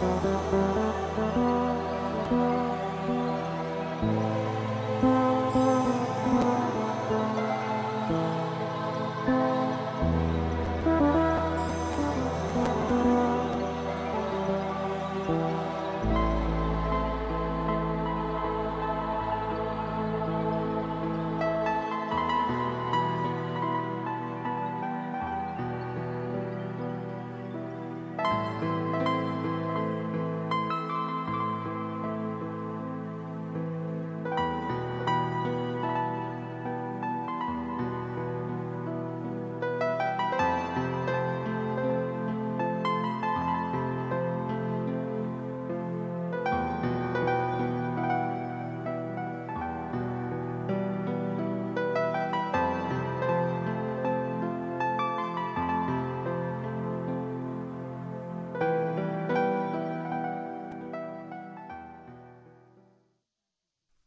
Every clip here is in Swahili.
Thank you.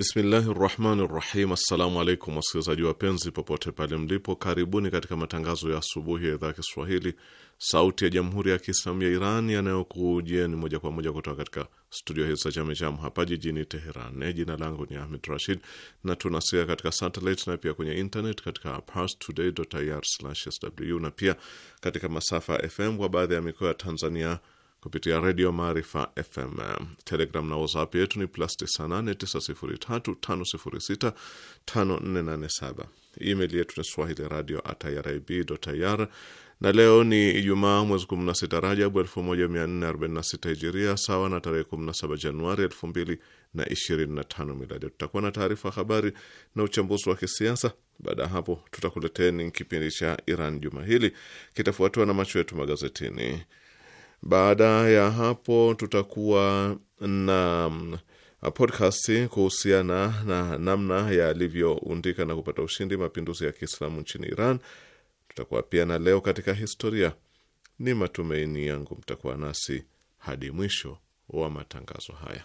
Bismillahi rahmani rahim. Assalamu alaikum wasikilizaji wapenzi, popote pale mlipo, karibuni katika matangazo ya asubuhi ya idhaa ya Kiswahili sauti ya jamhuri ya Kiislamu ya Iran yanayokujieni moja kwa moja kutoka katika studio hizi za Jamejam hapa jijini Teheran. Eh, jina langu ni Ahmed Rashid na tunasikia katika satelit na pia kwenye internet katika parstoday.ir/sw na pia katika masafa FM kwa baadhi ya mikoa ya Tanzania kupitia redio Maarifa FM. Telegram na WhatsApp yetu ni plus 989035065487. Email yetu ni swahili radio at irib.ir. Na leo ni Ijumaa, mwezi 16 Rajabu 1446 Hijiria, sawa na tarehe 17 Januari 2025 Miladi. Tutakuwa na taarifa habari na uchambuzi wa kisiasa. Baada ya hapo, tutakuleteni kipindi cha Iran juma hili, kitafuatiwa na macho yetu magazetini. Baada ya hapo tutakuwa na mm, podcast kuhusiana na namna yalivyoundika na kupata ushindi mapinduzi ya Kiislamu nchini Iran. Tutakuwa pia na leo katika historia. Ni matumaini yangu mtakuwa nasi hadi mwisho wa matangazo haya.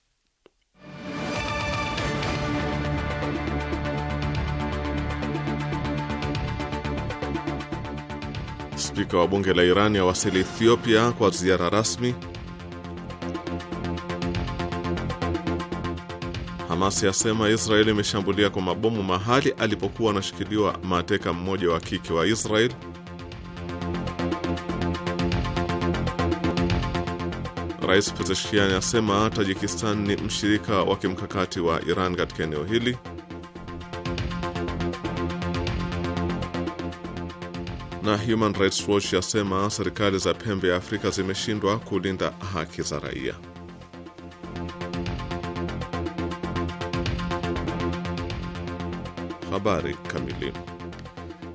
Spika wa bunge la Iran yawasili Ethiopia kwa ziara rasmi. Hamas yasema Israel imeshambulia kwa mabomu mahali alipokuwa anashikiliwa mateka mmoja wa kike wa Israel. Rais Pezeshkian asema Tajikistan ni mshirika wa kimkakati wa Iran katika eneo hili. na Human Rights Watch yasema serikali za pembe ya Afrika zimeshindwa kulinda haki za raia. Habari kamili.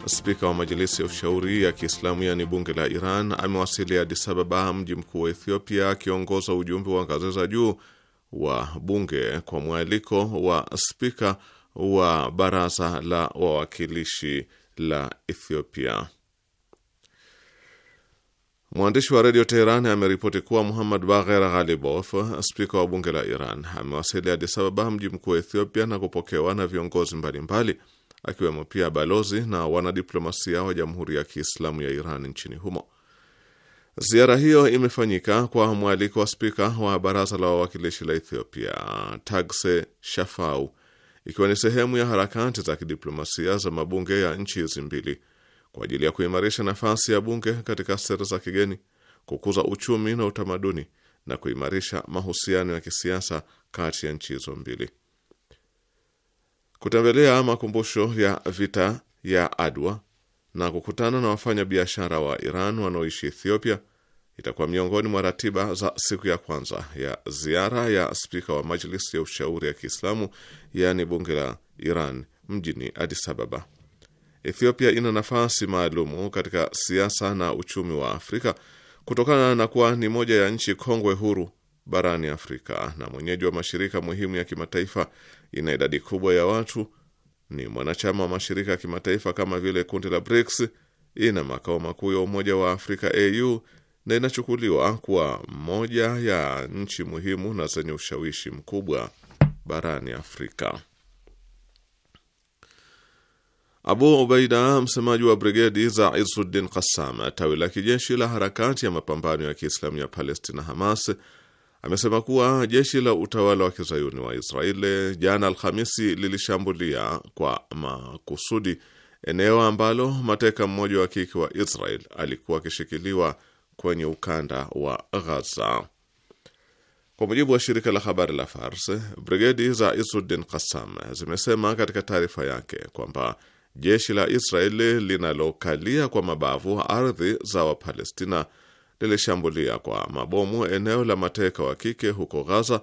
Spika wa Majilisi ya Ushauri ya Kiislamu yaani bunge la Iran amewasili Addis Ababa, mji mkuu wa Ethiopia, akiongoza ujumbe wa ngazi za juu wa bunge kwa mwaliko wa spika wa baraza la wawakilishi la Ethiopia. Mwandishi wa redio Teheran ameripoti kuwa Muhammad Bagher Ghalibof, spika wa bunge la Iran, amewasili Addis Ababa, mji mkuu wa Ethiopia, na kupokewa na viongozi mbalimbali akiwemo pia balozi na wanadiplomasia wa Jamhuri ya Kiislamu ya Iran nchini humo. Ziara hiyo imefanyika kwa mwaliko wa spika wa baraza la wawakilishi la Ethiopia, Tagse Shafau, ikiwa ni sehemu ya harakati za kidiplomasia za mabunge ya nchi hizi mbili kwa ajili ya kuimarisha nafasi ya bunge katika sera za kigeni, kukuza uchumi na utamaduni na kuimarisha mahusiano ya kisiasa kati ya nchi hizo mbili. Kutembelea makumbusho ya vita ya Adwa na kukutana na wafanyabiashara wa Iran wanaoishi Ethiopia itakuwa miongoni mwa ratiba za siku ya kwanza ya ziara ya spika wa Majlisi ya Ushauri ya Kiislamu, yaani bunge la Iran mjini Addis Ababa. Ethiopia ina nafasi maalumu katika siasa na uchumi wa Afrika kutokana na kuwa ni moja ya nchi kongwe huru barani Afrika na mwenyeji wa mashirika muhimu ya kimataifa. Ina idadi kubwa ya watu, ni mwanachama wa mashirika ya kimataifa kama vile kundi la BRICS, ina makao makuu ya Umoja wa Afrika AU na inachukuliwa kuwa moja ya nchi muhimu na zenye ushawishi mkubwa barani Afrika. Abu Ubaida, msemaji wa brigedi za Izuddin Qassam, tawi la kijeshi la harakati ya mapambano ya Kiislamu ya Palestina, Hamas, amesema kuwa jeshi la utawala wa kizayuni wa Israeli jana Alhamisi lilishambulia kwa makusudi eneo ambalo mateka mmoja wa kike wa Israel alikuwa akishikiliwa kwenye ukanda wa Ghaza. Kwa mujibu wa shirika la habari la Fars, brigedi za Izuddin Qassam zimesema katika taarifa yake kwamba jeshi la Israeli linalokalia kwa mabavu ardhi za Wapalestina lilishambulia kwa mabomu eneo la mateka wa kike huko Gaza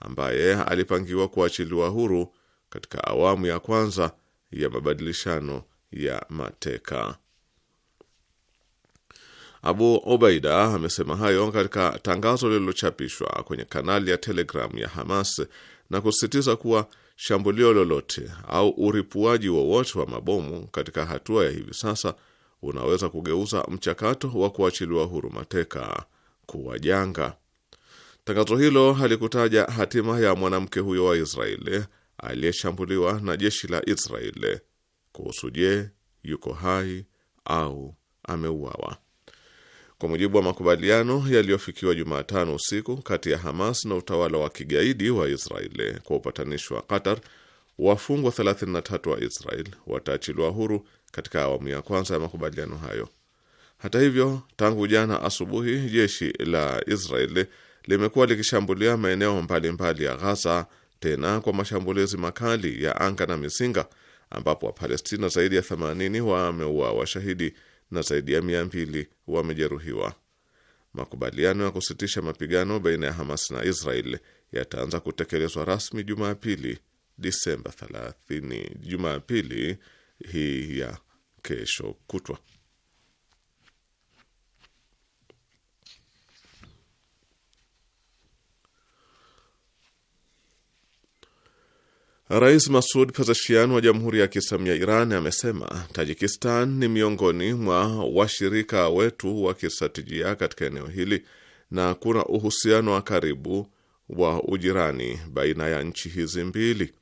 ambaye alipangiwa kuachiliwa huru katika awamu ya kwanza ya mabadilishano ya mateka. Abu Obaida amesema hayo katika tangazo lililochapishwa kwenye kanali ya Telegram ya Hamas na kusisitiza kuwa shambulio lolote au uripuaji wowote wa, wa mabomu katika hatua ya hivi sasa unaweza kugeuza mchakato wa kuachiliwa huru mateka kuwa janga. Tangazo hilo halikutaja hatima ya mwanamke huyo wa Israeli aliyeshambuliwa na jeshi la Israeli kuhusu je, yuko hai au ameuawa. Kwa mujibu wa makubaliano yaliyofikiwa Jumatano usiku kati ya Hamas na utawala wa kigaidi wa Israeli kwa upatanishi wa Qatar, wafungwa 33 wa Israel wataachiliwa huru katika awamu ya kwanza ya makubaliano hayo. Hata hivyo, tangu jana asubuhi jeshi la Israeli limekuwa likishambulia maeneo mbalimbali ya Ghaza, tena kwa mashambulizi makali ya anga na mizinga, ambapo Wapalestina zaidi ya 80 wameuawa washahidi na zaidi ya mia mbili wamejeruhiwa. Makubaliano ya kusitisha mapigano baina ya Hamas na Israel yataanza kutekelezwa rasmi Jumapili, Disemba 30, Jumapili hii ya kesho kutwa. Rais Masud Pezeshkian wa Jamhuri ya Kiislamu ya Iran amesema Tajikistan ni miongoni mwa washirika wetu wa kistratejia katika eneo hili na kuna uhusiano wa karibu wa ujirani baina ya nchi hizi mbili.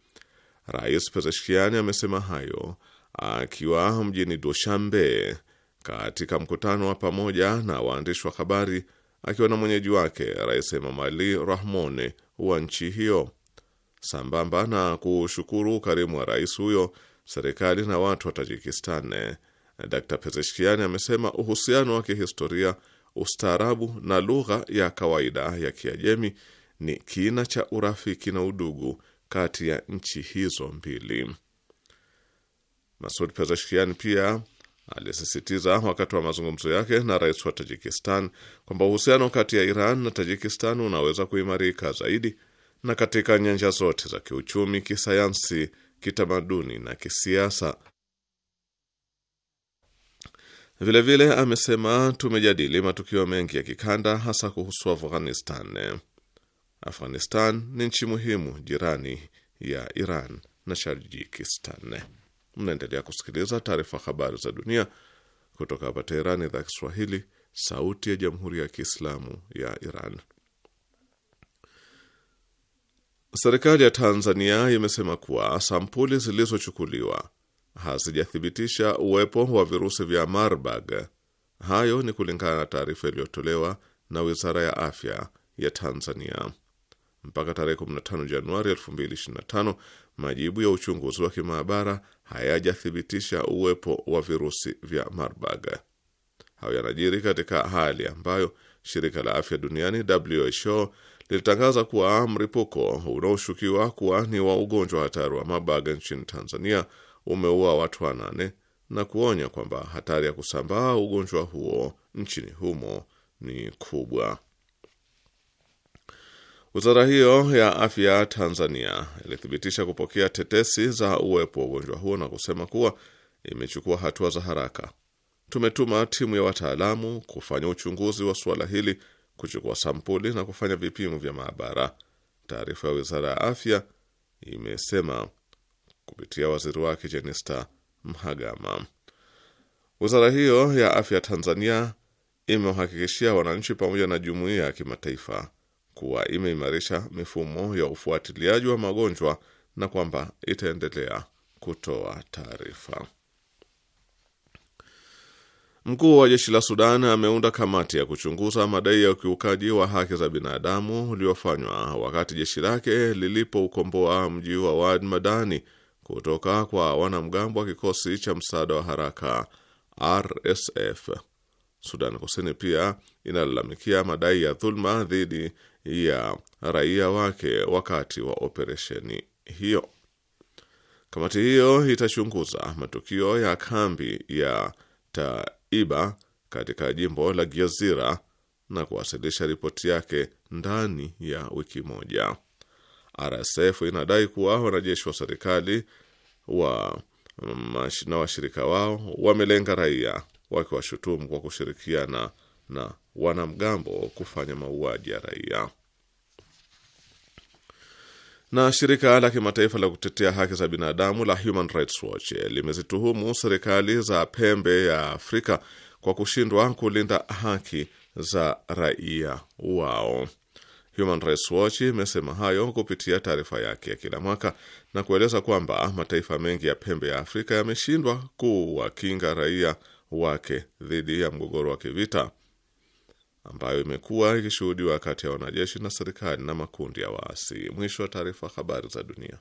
Rais Pezeshkian amesema hayo akiwa mjini Dushanbe katika mkutano wa pamoja na waandishi wa habari akiwa na mwenyeji wake Rais Emomali Rahmone wa nchi hiyo. Sambamba na kushukuru ukarimu wa rais huyo, serikali na watu wa Tajikistan, Dr Pezeshkian amesema uhusiano wa kihistoria, ustaarabu na lugha ya kawaida ya Kiajemi ni kina cha urafiki na udugu kati ya nchi hizo mbili. Masud Pezeshkian pia alisisitiza wakati wa mazungumzo yake na rais wa Tajikistan kwamba uhusiano kati ya Iran na Tajikistan unaweza kuimarika zaidi na katika nyanja zote za kiuchumi, kisayansi, kitamaduni na kisiasa. Vilevile vile, amesema tumejadili matukio mengi ya kikanda hasa kuhusu Afghanistan. Afghanistan ni nchi muhimu jirani ya Iran na Tajikistan. Mnaendelea kusikiliza taarifa habari za dunia kutoka hapa Teherani, idhaa Kiswahili, sauti ya jamhuri ya kiislamu ya Iran. Serikali ya Tanzania imesema kuwa sampuli zilizochukuliwa hazijathibitisha uwepo wa virusi vya Marburg. Hayo ni kulingana na taarifa iliyotolewa na Wizara ya Afya ya Tanzania. Mpaka tarehe 15 Januari 2025, majibu ya uchunguzi wa kimaabara hayajathibitisha uwepo wa virusi vya Marburg. Hayo yanajiri katika hali ambayo shirika la afya duniani WHO lilitangaza kuwa mripuko unaoshukiwa kuwa ni wa ugonjwa hatari wa mabaga nchini Tanzania umeua watu wanane na kuonya kwamba hatari ya kusambaa ugonjwa huo nchini humo ni kubwa. Wizara hiyo ya afya Tanzania ilithibitisha kupokea tetesi za uwepo wa ugonjwa huo na kusema kuwa imechukua hatua za haraka. Tumetuma timu ya wataalamu kufanya uchunguzi wa suala hili kuchukua sampuli na kufanya vipimo vya maabara. Taarifa ya wizara ya afya imesema kupitia waziri wake Jenista Mhagama. Wizara hiyo ya afya Tanzania imewahakikishia wananchi pamoja na jumuiya ya kimataifa kuwa imeimarisha mifumo ya ufuatiliaji wa magonjwa na kwamba itaendelea kutoa taarifa. Mkuu wa jeshi la Sudan ameunda kamati ya kuchunguza madai ya ukiukaji wa haki za binadamu uliofanywa wakati jeshi lake lilipoukomboa mji wa Wad Madani kutoka kwa wanamgambo wa kikosi cha msaada wa haraka RSF. Sudan Kusini pia inalalamikia madai ya dhuluma dhidi ya raia wake wakati wa operesheni hiyo. Kamati hiyo itachunguza matukio ya kambi ya ta Iba katika jimbo la Gyozira na kuwasilisha ripoti yake ndani ya wiki moja. RSF inadai kuwa wanajeshi wa serikali wa mm, na washirika wao wamelenga raia wakiwashutumu kwa kushirikiana na wanamgambo kufanya mauaji ya raia. Na shirika la kimataifa la kutetea haki za binadamu la Human Rights Watch eh, limezituhumu serikali za pembe ya Afrika kwa kushindwa kulinda haki za raia wao. Human Rights Watch imesema hayo kupitia taarifa yake ya kila mwaka na kueleza kwamba mataifa mengi ya pembe ya Afrika yameshindwa kuwakinga raia wake dhidi ya mgogoro wa kivita ambayo imekuwa ikishuhudiwa kati ya wanajeshi na serikali na makundi ya waasi. Mwisho wa taarifa. Habari za dunia.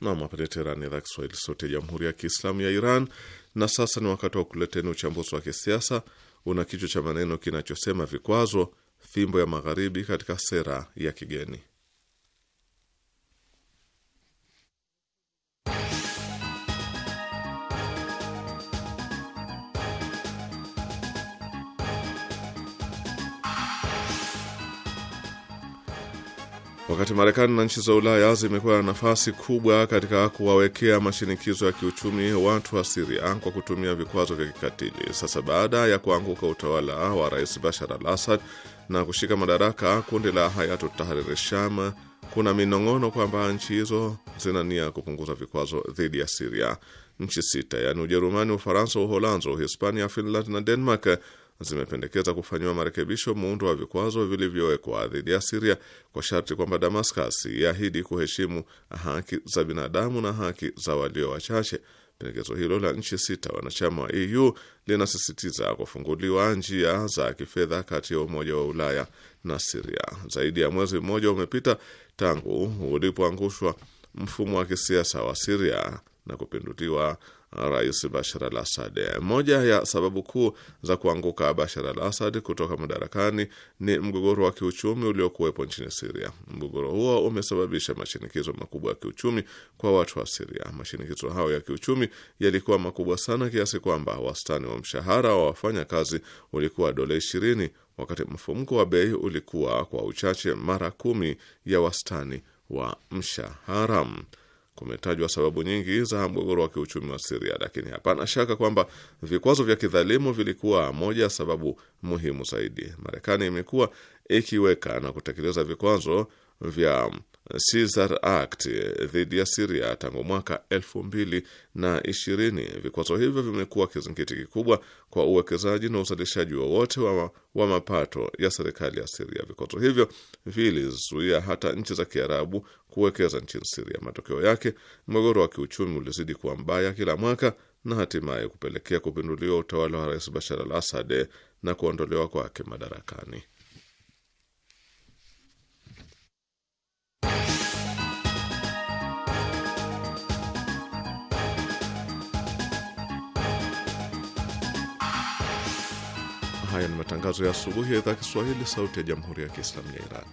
Nam hapa Teherani, idhaa Kiswahili, sauti ya jamhuri ya kiislamu ya Iran. Na sasa ni wakati wa kuleteni uchambuzi wa kisiasa una kichwa cha maneno kinachosema vikwazo, fimbo ya magharibi katika sera ya kigeni. Wakati Marekani na nchi za Ulaya zimekuwa na nafasi kubwa katika kuwawekea mashinikizo ya kiuchumi watu wa Siria kwa kutumia vikwazo vya kikatili. Sasa baada ya kuanguka utawala wa Rais Bashar al Assad na kushika madaraka kundi la hayatu Tahrir Sham, kuna minong'ono kwamba nchi hizo zina nia ya kupunguza vikwazo dhidi ya Siria. Nchi sita yaani Ujerumani, Ufaransa, Uholanzi, Uhispania, Finland na Denmark zimependekeza kufanyiwa marekebisho muundo wa vikwazo vilivyowekwa dhidi ya Siria kwa sharti kwamba Damascus iahidi kuheshimu haki za binadamu na haki za walio wachache. Pendekezo hilo la nchi sita wanachama wa EU linasisitiza kufunguliwa njia za kifedha kati ya Umoja wa Ulaya na Siria. Zaidi ya mwezi mmoja umepita tangu ulipoangushwa mfumo wa kisiasa wa Siria na kupinduliwa Rais Bashar al Assad. Moja ya sababu kuu za kuanguka Bashar al Assad kutoka madarakani ni mgogoro wa kiuchumi uliokuwepo nchini Siria. Mgogoro huo umesababisha mashinikizo makubwa ya kiuchumi kwa watu wa Siria. Mashinikizo hayo ya kiuchumi yalikuwa makubwa sana kiasi kwamba wastani wa mshahara wa wafanyakazi ulikuwa dola ishirini wakati mfumko wa bei ulikuwa kwa uchache mara kumi ya wastani wa mshahara. Kumetajwa sababu nyingi za mgogoro wa kiuchumi wa Siria, lakini hapana shaka kwamba vikwazo vya kidhalimu vilikuwa moja ya sababu muhimu zaidi. Marekani imekuwa ikiweka na kutekeleza vikwazo vya Caesar Act dhidi ya Siria tangu mwaka elfu mbili na ishirini. Vikwazo hivyo vimekuwa kizingiti kikubwa kwa uwekezaji na uzalishaji wowote wa, wa, wa mapato ya serikali ya Siria. Vikwazo hivyo vilizuia hata nchi za Kiarabu kuwekeza nchini Siria. Matokeo yake, mgogoro wa kiuchumi ulizidi kuwa mbaya kila mwaka na hatimaye kupelekea kupinduliwa utawala wa Rais Bashar al Assad na kuondolewa kwake madarakani. Haya ni matangazo ya asubuhi ya idhaa Kiswahili sauti ya jamhuri ya Kiislamu ya Iran.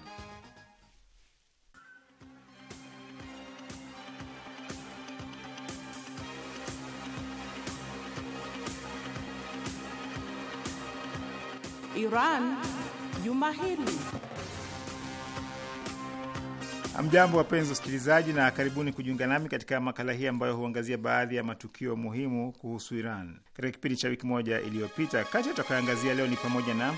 Iran Juma Hili. Amjambo, wapenzi wasikilizaji, na karibuni kujiunga nami katika makala hii ambayo huangazia baadhi ya matukio muhimu kuhusu Iran katika kipindi cha wiki moja iliyopita. Kati atakayoangazia leo ni pamoja na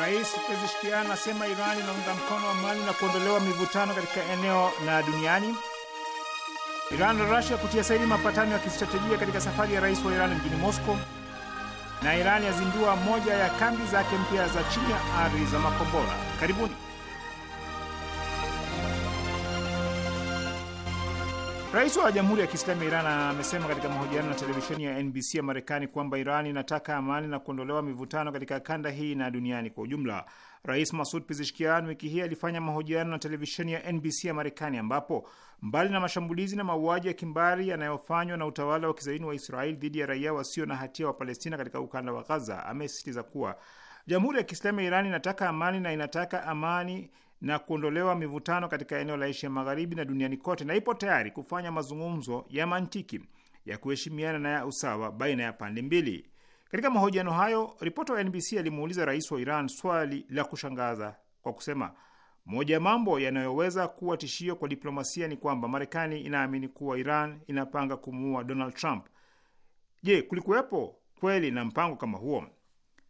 Rais Pezeshkian asema Iran inaunga mkono amani na kuondolewa mivutano katika eneo na duniani; Iran na Rusia kutia saini mapatano ya kistratejia katika safari ya rais wa Iran mjini Moscow; na Iran yazindua moja ya kambi zake mpya za chini ya ardhi za makombora. Karibuni. Rais wa Jamhuri ya Kiislamu ya Iran amesema katika mahojiano na televisheni ya NBC ya Marekani kwamba Iran inataka amani na kuondolewa mivutano katika kanda hii na duniani kwa ujumla. Rais Masud pizishkian wiki hii alifanya mahojiano na televisheni ya NBC ya Marekani ambapo mbali na mashambulizi na mauaji ya kimbari yanayofanywa na utawala wa kizaini wa israel dhidi ya raia wasio na hatia wa Palestina katika ukanda wa Gaza, amesisitiza kuwa Jamhuri ya Kiislamu ya Iran inataka amani na inataka amani na kuondolewa mivutano katika eneo la Asia Magharibi na duniani kote, na ipo tayari kufanya mazungumzo ya mantiki ya kuheshimiana na ya usawa baina ya pande mbili. Katika mahojiano hayo, ripota wa NBC alimuuliza rais wa Iran swali la kushangaza kwa kusema, moja ya mambo yanayoweza kuwa tishio kwa diplomasia ni kwamba Marekani inaamini kuwa Iran inapanga kumuua Donald Trump. Je, kulikuwepo kweli na mpango kama huo?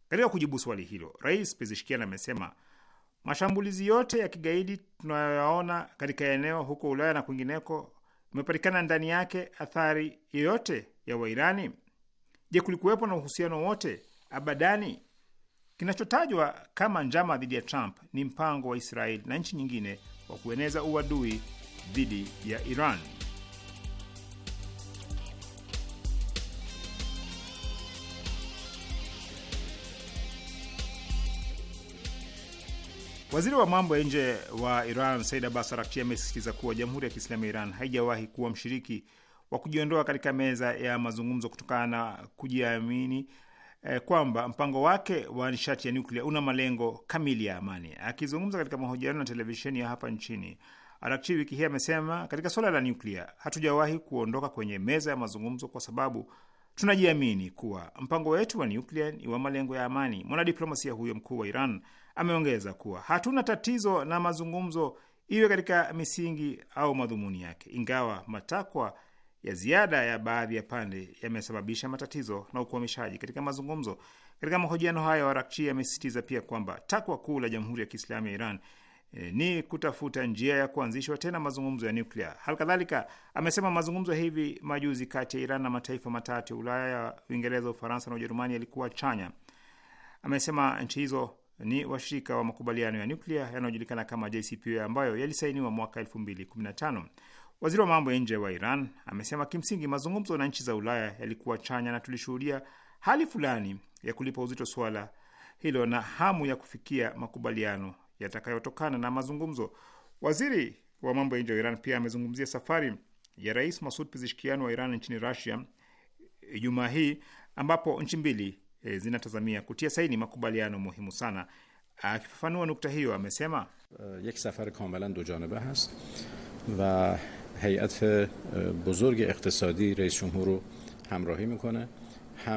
Katika kujibu swali hilo, Rais Pezeshkian amesema Mashambulizi yote ya kigaidi tunayoyaona katika eneo huko Ulaya na kwingineko, imepatikana ndani yake athari yoyote ya Wairani? Je, kulikuwepo na uhusiano wote? Abadani. Kinachotajwa kama njama dhidi ya Trump ni mpango wa Israeli na nchi nyingine wa kueneza uadui dhidi ya Iran. Waziri wa mambo ya nje wa Iran Said Abbas Arakchi amesisitiza kuwa Jamhuri ya Kiislamu ya Iran haijawahi kuwa mshiriki wa kujiondoa katika meza ya mazungumzo kutokana na kujiamini eh, kwamba mpango wake wa nishati ya nuklia una malengo kamili ya amani. Akizungumza katika mahojiano na televisheni ya hapa nchini, Arakchi wiki hii amesema katika suala la nuklia hatujawahi kuondoka kwenye meza ya mazungumzo kwa sababu tunajiamini kuwa mpango wetu wa nuklia ni wa malengo ya amani. Mwanadiplomasia huyo mkuu wa Iran Ameongeza kuwa hatuna tatizo na mazungumzo, iwe katika misingi au madhumuni yake, ingawa matakwa ya ziada ya baadhi ya pande yamesababisha matatizo na ukwamishaji katika mazungumzo. Katika mahojiano hayo, Arakchi amesisitiza pia kwamba takwa kuu la Jamhuri ya Kiislamu ya Iran e, ni kutafuta njia ya kuanzishwa tena mazungumzo ya nuklia. Halikadhalika amesema mazungumzo ya hivi majuzi kati ya Iran na mataifa matatu ya Ulaya, Uingereza, Ufaransa na Ujerumani yalikuwa chanya. Amesema nchi hizo ni washirika wa makubaliano ya nyuklia yanayojulikana kama JCPOA ambayo yalisainiwa mwaka 2015. Waziri wa mambo ya nje wa Iran amesema kimsingi mazungumzo na nchi za Ulaya yalikuwa chanya na tulishuhudia hali fulani ya kulipa uzito suala hilo na hamu ya kufikia makubaliano yatakayotokana na mazungumzo. Waziri wa mambo ya nje wa Iran pia amezungumzia safari ya Rais Masud Pizishkian wa Iran nchini Rusia Ijumaa hii ambapo nchi mbili e, zinatazamia kutia saini makubaliano muhimu sana. Akifafanua nukta hiyo amesema yak safar kamalan do janaba hast va hayat buzurg iqtisadi rais jumhur ro hamrahi mikone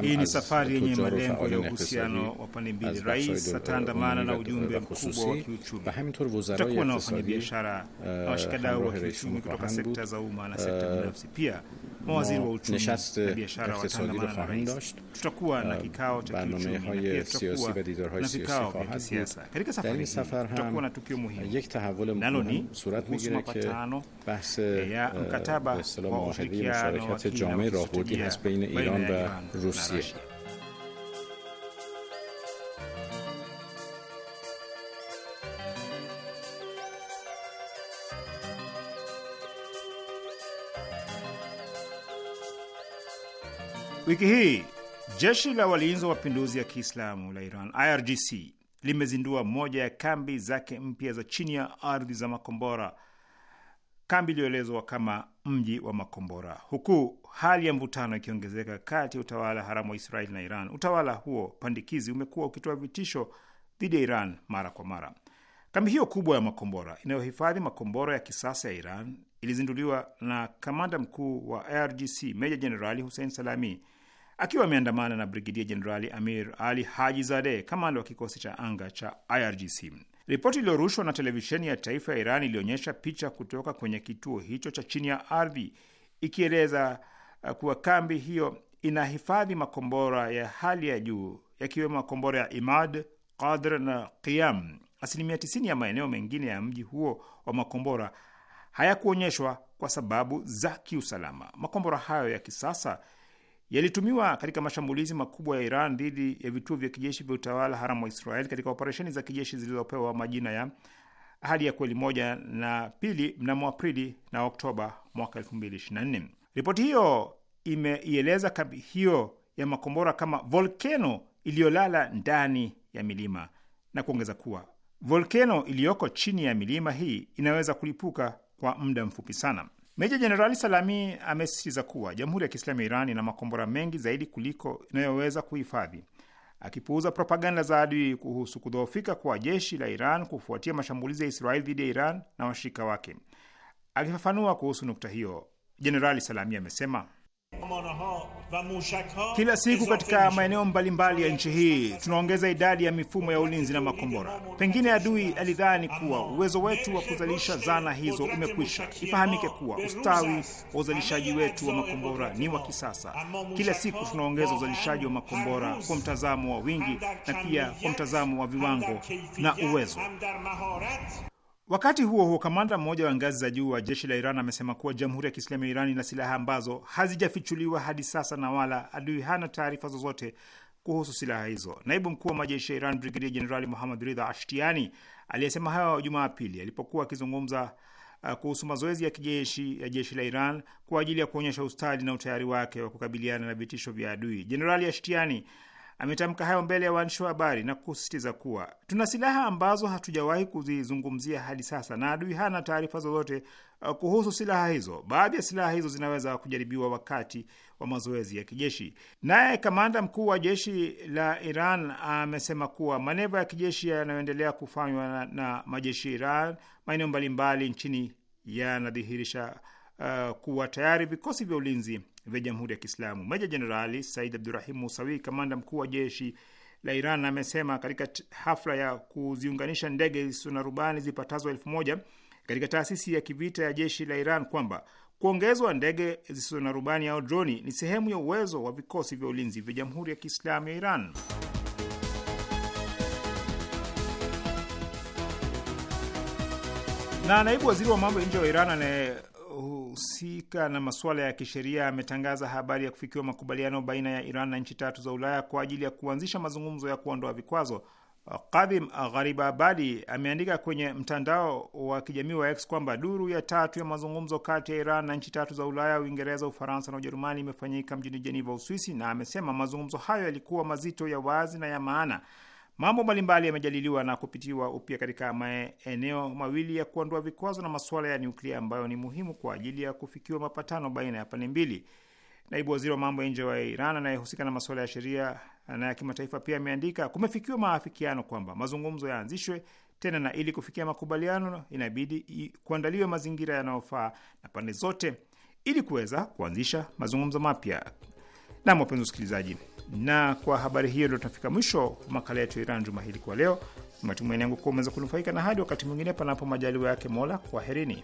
hii ni safari yenye malengo ya uhusiano wa pande mbili. Rais ataandamana na ujumbe mkubwa wa kiuchumi. Tutakuwa na wafanyabiashara na uh, washikadau wa kiuchumi kutoka sekta za umma na uh, sekta binafsi pia ما نشست اقتصادی رو خواهیم داشت برنامه های سیاسی و دیدارهای سیاسی خواهد بود در این سفر هم یک تحول مهم صورت میگیره که بحث به اصطلاح معاهده مشارکت جامعه راهبردی هست بین ایران و روسیه Wiki hii jeshi la walinzi wa mapinduzi ya Kiislamu la Iran, IRGC, limezindua moja ya kambi zake mpya za chini ya ardhi za makombora, kambi iliyoelezwa kama mji wa makombora, huku hali ya mvutano ikiongezeka kati ya utawala haramu wa Israeli na Iran. Utawala huo pandikizi umekuwa ukitoa vitisho dhidi ya Iran mara kwa mara. Kambi hiyo kubwa ya makombora inayohifadhi makombora ya kisasa ya Iran ilizinduliwa na kamanda mkuu wa IRGC Meja Jenerali Hussein Salami akiwa ameandamana na Brigedia Jenerali Amir Ali Haji Zadeh, kamanda wa kikosi cha anga cha IRGC. Ripoti iliyorushwa na televisheni ya taifa ya Iran ilionyesha picha kutoka kwenye kituo hicho cha chini ya ardhi, ikieleza uh, kuwa kambi hiyo inahifadhi makombora ya hali ya juu yakiwemo makombora ya Imad, Qadr na qiam Asilimia 90 ya maeneo mengine ya mji huo wa makombora hayakuonyeshwa kwa sababu za kiusalama. Makombora hayo ya kisasa yalitumiwa katika mashambulizi makubwa ya Iran dhidi ya vituo vya kijeshi vya utawala haramu wa Israel katika operesheni za kijeshi zilizopewa majina ya Ahadi ya Kweli moja na pili mnamo Aprili na Oktoba mwaka nne. Ripoti hiyo imeieleza kambi hiyo ya makombora kama volkeno iliyolala ndani ya milima na kuongeza kuwa volkeno iliyoko chini ya milima hii inaweza kulipuka kwa muda mfupi sana. Meja Jenerali Salami amesisitiza kuwa Jamhuri ya Kiislamu ya Iran ina makombora mengi zaidi kuliko inayoweza kuhifadhi, akipuuza propaganda za adui kuhusu kudhoofika kwa jeshi la Iran kufuatia mashambulizi ya Israeli dhidi ya Iran na washirika wake. Akifafanua kuhusu nukta hiyo, Jenerali Salami amesema kila siku katika maeneo mbalimbali ya nchi hii tunaongeza idadi ya mifumo ya ulinzi na makombora. Pengine adui alidhani kuwa uwezo wetu wa kuzalisha zana hizo umekwisha. Ifahamike kuwa ustawi wa uzalishaji wetu wa makombora ni wa kisasa. Kila siku tunaongeza uzalishaji wa makombora kwa mtazamo wa wingi na pia kwa mtazamo wa viwango na uwezo. Wakati huo huo, kamanda mmoja wa ngazi za juu wa jeshi la Iran amesema kuwa jamhuri ya Kiislamu ya Iran ina silaha ambazo hazijafichuliwa hadi sasa na wala adui hana taarifa zozote kuhusu silaha hizo. Naibu mkuu wa majeshi ya Iran Brigedia Jenerali Muhammad Ridha Ashtiani aliyesema hayo Jumapili alipokuwa akizungumza uh, kuhusu mazoezi ya kijeshi ya jeshi la Iran kwa ajili ya kuonyesha ustadi na utayari wake wa kukabiliana na vitisho vya adui. Jenerali Ashtiani Ametamka hayo mbele ya waandishi wa habari na kusisitiza kuwa tuna silaha ambazo hatujawahi kuzizungumzia hadi sasa na adui hana taarifa zozote uh, kuhusu silaha hizo. Baadhi ya silaha hizo zinaweza kujaribiwa wakati wa mazoezi ya kijeshi. Naye kamanda mkuu wa jeshi la Iran amesema kuwa maneva ya kijeshi yanayoendelea kufanywa na, na majeshi Iran maeneo mbalimbali nchini yanadhihirisha uh, kuwa tayari vikosi vya ulinzi vya Jamhuri ya Kiislamu. Meja Jenerali Said Abdurahim Musawi, kamanda mkuu wa jeshi la Iran, amesema katika hafla ya kuziunganisha ndege zisizo na rubani zipatazo elfu moja katika taasisi ya kivita ya jeshi la Iran kwamba kuongezwa ndege zisizo na rubani au droni ni sehemu ya uwezo wa vikosi vya ulinzi vya Jamhuri ya Kiislamu ya Iran. Na naibu waziri wa mambo ya nje wa Iran anaye husika na masuala ya kisheria ametangaza habari ya kufikiwa makubaliano baina ya Iran na nchi tatu za Ulaya kwa ajili ya kuanzisha mazungumzo ya kuondoa vikwazo. Kadhim Gharibabadi ameandika kwenye mtandao wa kijamii wa X kwamba duru ya tatu ya mazungumzo kati ya Iran na nchi tatu za Ulaya, Uingereza, Ufaransa na Ujerumani imefanyika mjini Jeneva, Uswisi, na amesema mazungumzo hayo yalikuwa mazito, ya wazi na ya maana Mambo mbalimbali yamejadiliwa na kupitiwa upya katika maeneo mawili ya kuondoa vikwazo na masuala ya nyuklia ambayo ni muhimu kwa ajili ya kufikiwa mapatano baina ya pande mbili. Naibu waziri wa mambo ya nje wa Iran anayehusika na masuala ya sheria na ya kimataifa pia ameandika, kumefikiwa maafikiano kwamba mazungumzo yaanzishwe tena, na ili kufikia makubaliano inabidi kuandaliwe mazingira yanayofaa na pande zote ili kuweza kuanzisha mazungumzo mapya. Nam, wapenzi wasikilizaji na kwa habari hiyo ndio tunafika mwisho wa makala yetu ya Iran juma hili kwa leo. Matumaini yangu kuwa umeweza kunufaika, na hadi wakati mwingine, panapo majaliwa yake Mola, kwaherini.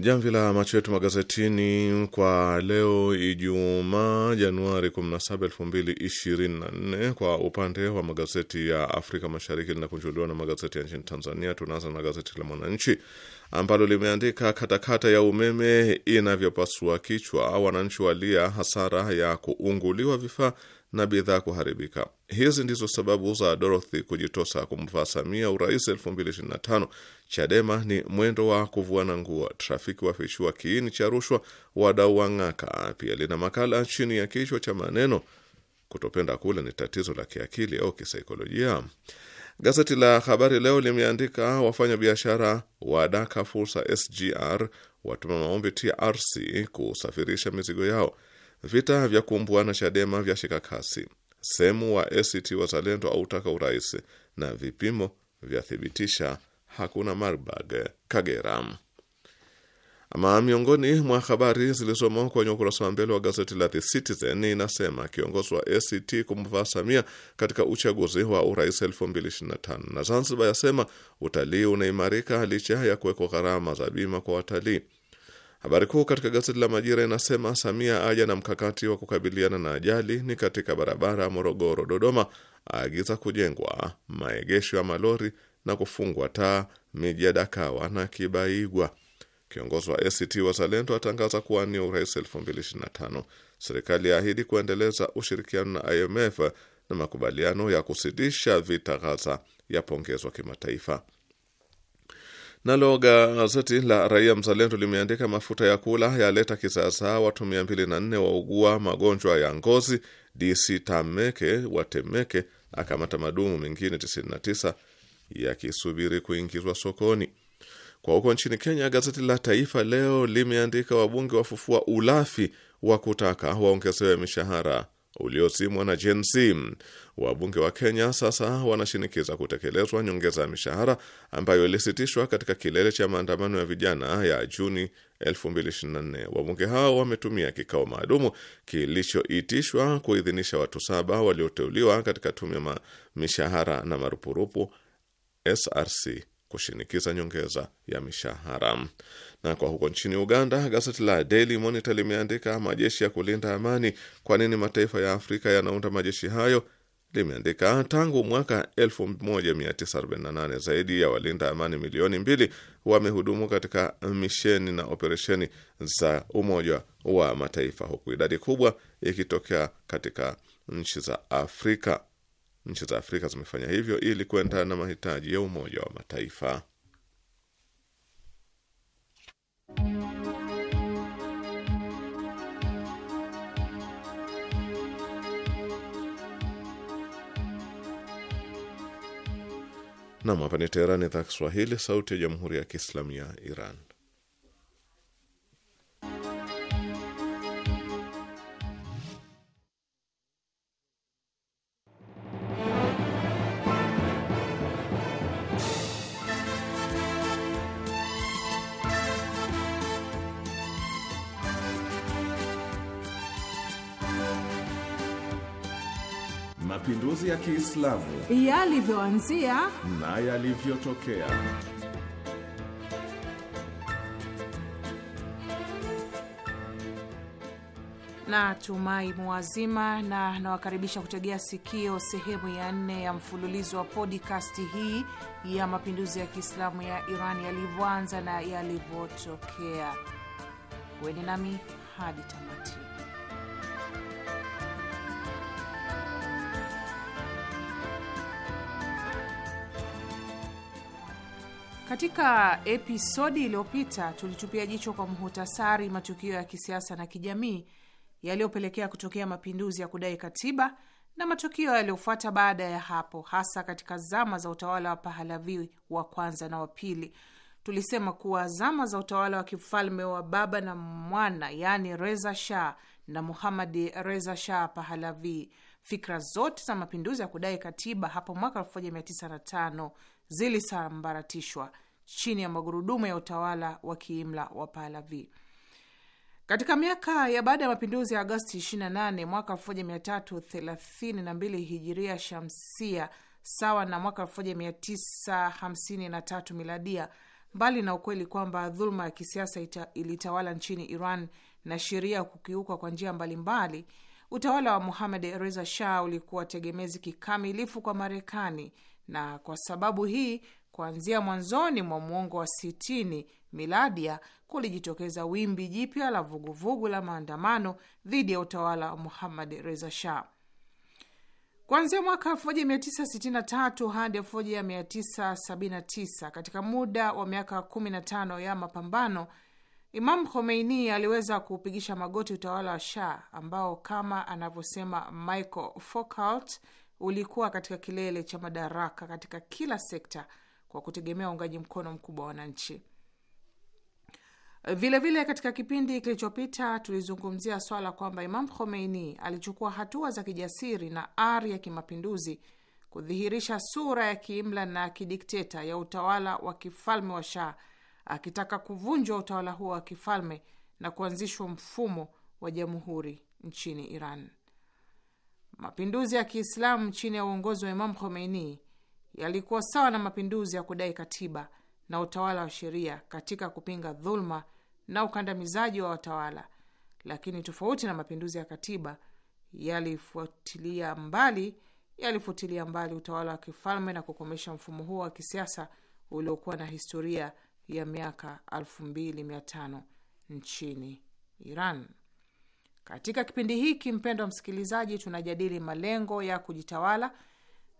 Jamvi la macho yetu magazetini kwa leo Ijumaa, Januari 17, 2024. Kwa upande wa magazeti ya Afrika Mashariki linakunjuliwa na magazeti ya nchini Tanzania. Tunaanza na gazeti la Mwananchi ambalo limeandika katakata ya umeme inavyopasua kichwa, wananchi walia hasara ya kuunguliwa vifaa na bidhaa kuharibika. Hizi ndizo sababu za Dorothy kujitosa kumvaa Samia urais 2025. Chadema ni mwendo wa kuvuana nguo, trafiki wafichua kiini cha rushwa, wadau wang'aka. Pia lina makala chini ya kichwa cha maneno kutopenda kula ni tatizo la kiakili au kisaikolojia. Gazeti la Habari Leo limeandika wafanya biashara wadaka fursa SGR, watuma maombi TRC kusafirisha mizigo yao. Vita vya kuumbuana Chadema vya shika kasi, semu wa ACT Wazalendo autaka urais, na vipimo vyathibitisha hakuna Marburg Kagera. Ama miongoni mwa habari zilizomo kwenye ukurasa wa mbele wa gazeti la The Citizen inasema kiongozi wa ACT kumvaa Samia katika uchaguzi wa urais 2025 na Zanzibar yasema utalii unaimarika licha ya kuwekwa gharama za bima kwa watalii. Habari kuu katika gazeti la Majira inasema Samia aja na mkakati wa kukabiliana na ajali ni katika barabara Morogoro Dodoma, aagiza kujengwa maegesho ya malori na kufungwa taa miji ya Dakawa na Kibaigwa. Kiongozi wa ACT Wazalendo atangaza kuwa ni urais 2025. Serikali yaahidi kuendeleza ushirikiano na IMF na makubaliano ya kusitisha vita Gaza yapongezwa kimataifa. Nalo gazeti la Raia Mzalendo limeandika mafuta ya kula yaleta kisasa, watu 204 waugua magonjwa ya ngozi. DC Tameke Watemeke akamata madumu mengine 99 yakisubiri kuingizwa sokoni. Kwa huko nchini Kenya, gazeti la Taifa Leo limeandika wabunge wafufua ulafi wa kutaka waongezewe mishahara uliosimwa na Gen Z. Wabunge wa Kenya sasa wanashinikiza kutekelezwa nyongeza ya mishahara ambayo ilisitishwa katika kilele cha maandamano ya vijana ya Juni 2024. Wabunge hao wametumia kikao maalumu kilichoitishwa kuidhinisha watu saba walioteuliwa katika tume ya mishahara na marupurupu SRC kushinikiza nyongeza ya mishahara. Na kwa huko nchini Uganda, gazeti la Daily Monitor limeandika majeshi ya kulinda amani, kwa nini mataifa ya Afrika yanaunda majeshi hayo? Limeandika tangu mwaka 1948 zaidi ya walinda amani milioni mbili wamehudumu katika misheni na operesheni za Umoja wa Mataifa, huku idadi kubwa ikitokea katika nchi za Afrika. Nchi za Afrika zimefanya hivyo ili kuendana na mahitaji ya Umoja wa Mataifa. Nam, hapa ni Teherani, idhaa Kiswahili, sauti ya jamhuri ya kiislamu ya Iran. mapinduzi ya Kiislamu yalivyoanzia na yalivyotokea. na tumai muwazima na nawakaribisha kutegea sikio sehemu ya nne ya mfululizo wa podcast hii ya mapinduzi ya Kiislamu ya Iran yalivyoanza na yalivyotokea. Kuweni nami hadi tamati. Katika episodi iliyopita tulitupia jicho kwa mhutasari matukio ya kisiasa na kijamii yaliyopelekea kutokea mapinduzi ya kudai katiba na matukio yaliyofuata baada ya hapo, hasa katika zama za utawala wa Pahalavi wa kwanza na wa pili. Tulisema kuwa zama za utawala wa kifalme wa baba na mwana, yaani Reza Shah na Muhamadi Reza Shah Pahalavi, fikra zote za mapinduzi ya kudai katiba hapo mwaka 1905 zilisambaratishwa chini ya magurudumu ya utawala wa kiimla wa Pahlavi. Katika miaka ya baada ya mapinduzi ya Agosti 28 mwaka 1332 hijiria shamsia, sawa na mwaka 1953 miladia, mbali na ukweli kwamba dhuluma ya kisiasa ita, ilitawala nchini Iran na sheria kukiuka kwa njia mbalimbali, utawala wa Muhammad Reza Shah ulikuwa tegemezi kikamilifu kwa Marekani na kwa sababu hii kuanzia mwanzoni mwa muongo wa sitini miladia kulijitokeza wimbi jipya la vuguvugu la maandamano dhidi ya utawala wa Muhammad Reza Shah. Kuanzia mwaka 1963 hadi 1979, katika muda wa miaka 15 ya mapambano, Imam Khomeini aliweza kuupigisha magoti utawala wa Shah ambao kama anavyosema Michael Foucault ulikuwa katika kilele cha madaraka katika kila sekta kwa kutegemea uungaji mkono mkubwa wa wananchi. Vilevile vile katika kipindi kilichopita tulizungumzia swala kwamba Imam Khomeini alichukua hatua za kijasiri na ari ya kimapinduzi kudhihirisha sura ya kiimla na kidikteta ya utawala wa kifalme wa Shah, akitaka kuvunjwa utawala huo wa kifalme na kuanzishwa mfumo wa jamhuri nchini Iran. Mapinduzi ya Kiislamu chini ya uongozi wa Imam Khomeini yalikuwa sawa na mapinduzi ya kudai katiba na utawala wa sheria katika kupinga dhuluma na ukandamizaji wa watawala, lakini tofauti na mapinduzi ya katiba yalifutilia mbali yalifutilia mbali utawala wa kifalme na kukomesha mfumo huo wa kisiasa uliokuwa na historia ya miaka 2500 nchini Iran. Katika kipindi hiki, mpendo wa msikilizaji, tunajadili malengo ya kujitawala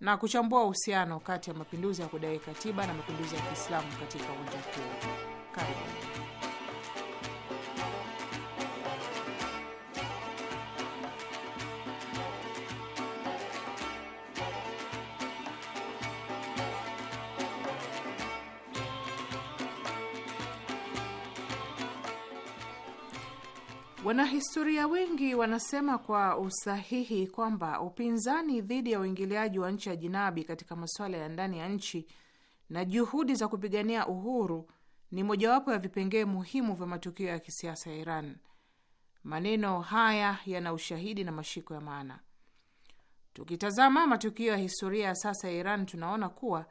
na kuchambua uhusiano kati ya mapinduzi ya kudai katiba na mapinduzi ya Kiislamu katika uwanja huu. Karibu. Wanahistoria wengi wanasema kwa usahihi kwamba upinzani dhidi ya uingiliaji wa nchi ya jinabi katika masuala ya ndani ya nchi na juhudi za kupigania uhuru ni mojawapo ya vipengee muhimu vya matukio ya kisiasa ya Iran. Maneno haya yana ushahidi na mashiko ya maana. Tukitazama matukio ya historia ya sasa ya Iran, tunaona kuwa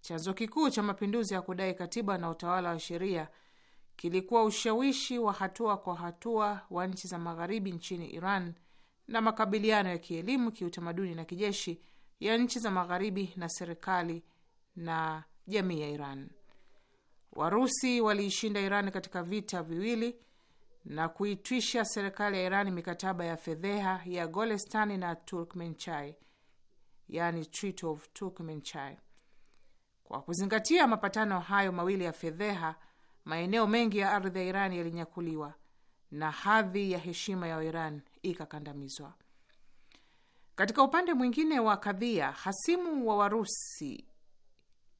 chanzo kikuu cha mapinduzi ya kudai katiba na utawala wa sheria kilikuwa ushawishi wa hatua kwa hatua wa nchi za magharibi nchini Iran na makabiliano ya kielimu, kiutamaduni na kijeshi ya nchi za magharibi na serikali na jamii ya Iran. Warusi waliishinda Iran katika vita viwili na kuitwisha serikali ya Iran mikataba ya fedheha ya Golestani na Turkmenchai, yani Treaty of Turkmenchai. Kwa kuzingatia mapatano hayo mawili ya fedheha maeneo mengi ya ardhi ya Iran yalinyakuliwa na hadhi ya heshima ya Iran ikakandamizwa. Katika upande mwingine wa kadhia, hasimu wa Warusi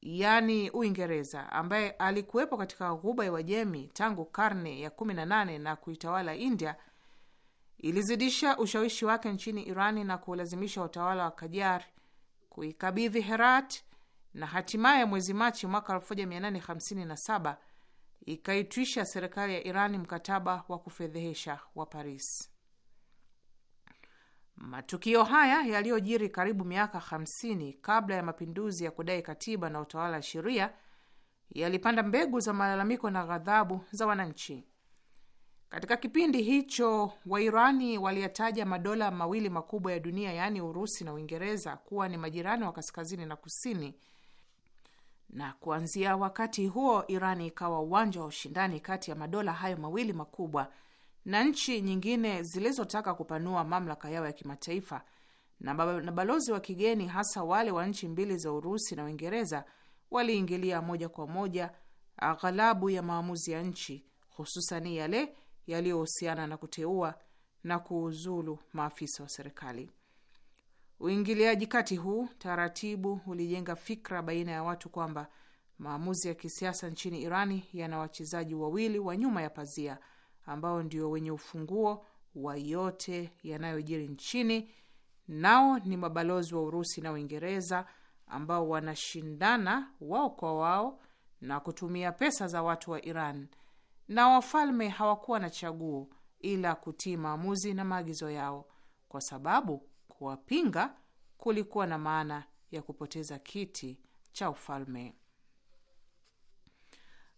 yaani Uingereza, ambaye alikuwepo katika ghuba ya Uajemi tangu karne ya 18 na kuitawala India, ilizidisha ushawishi wake nchini Irani na kuulazimisha utawala wa kajar kuikabidhi Herat na hatimaye mwezi Machi mwaka 1857 ikaitwisha serikali ya Irani mkataba wa kufedhehesha wa Paris. Matukio haya yaliyojiri karibu miaka 50 kabla ya mapinduzi ya kudai katiba na utawala wa sheria yalipanda mbegu za malalamiko na ghadhabu za wananchi. Katika kipindi hicho, Wairani waliyataja madola mawili makubwa ya dunia, yaani Urusi na Uingereza, kuwa ni majirani wa kaskazini na kusini na kuanzia wakati huo iran ikawa uwanja wa ushindani kati ya madola hayo mawili makubwa na nchi nyingine zilizotaka kupanua mamlaka yao ya kimataifa na balozi wa kigeni hasa wale wa nchi mbili za Urusi na Uingereza waliingilia moja kwa moja aghalabu ya maamuzi ya nchi, hususani yale yaliyohusiana na kuteua na kuuzulu maafisa wa serikali. Uingiliaji kati huu taratibu ulijenga fikra baina ya watu kwamba maamuzi ya kisiasa nchini Irani yana wachezaji wawili wa nyuma ya pazia ambao ndio wenye ufunguo wa yote yanayojiri nchini, nao ni mabalozi wa Urusi na Uingereza ambao wanashindana wao kwa wao na kutumia pesa za watu wa Iran, na wafalme hawakuwa na chaguo ila kutii maamuzi na maagizo yao kwa sababu kuwapinga kulikuwa na maana ya kupoteza kiti cha ufalme.